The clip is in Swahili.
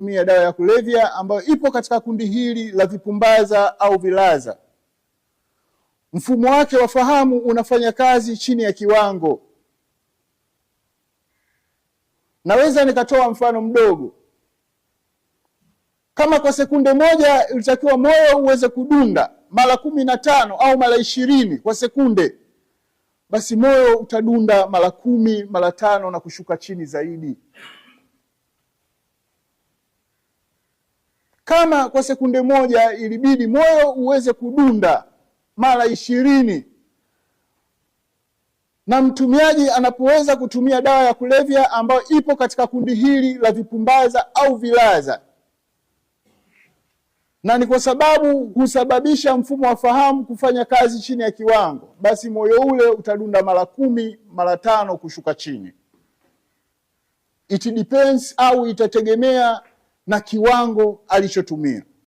kutumia dawa ya kulevya ambayo ipo katika kundi hili la vipumbaza au vilaza. Mfumo wake wa fahamu unafanya kazi chini ya kiwango. Naweza nikatoa mfano mdogo. Kama kwa sekunde moja ilitakiwa moyo uweze kudunda mara kumi na tano au mara ishirini kwa sekunde, basi moyo utadunda mara kumi, mara tano na kushuka chini zaidi. Kama kwa sekunde moja ilibidi moyo uweze kudunda mara ishirini, na mtumiaji anapoweza kutumia dawa ya kulevya ambayo ipo katika kundi hili la vipumbaza au vilaza, na ni kwa sababu husababisha mfumo wa fahamu kufanya kazi chini ya kiwango, basi moyo ule utadunda mara kumi, mara tano kushuka chini. It depends au itategemea na kiwango alichotumia.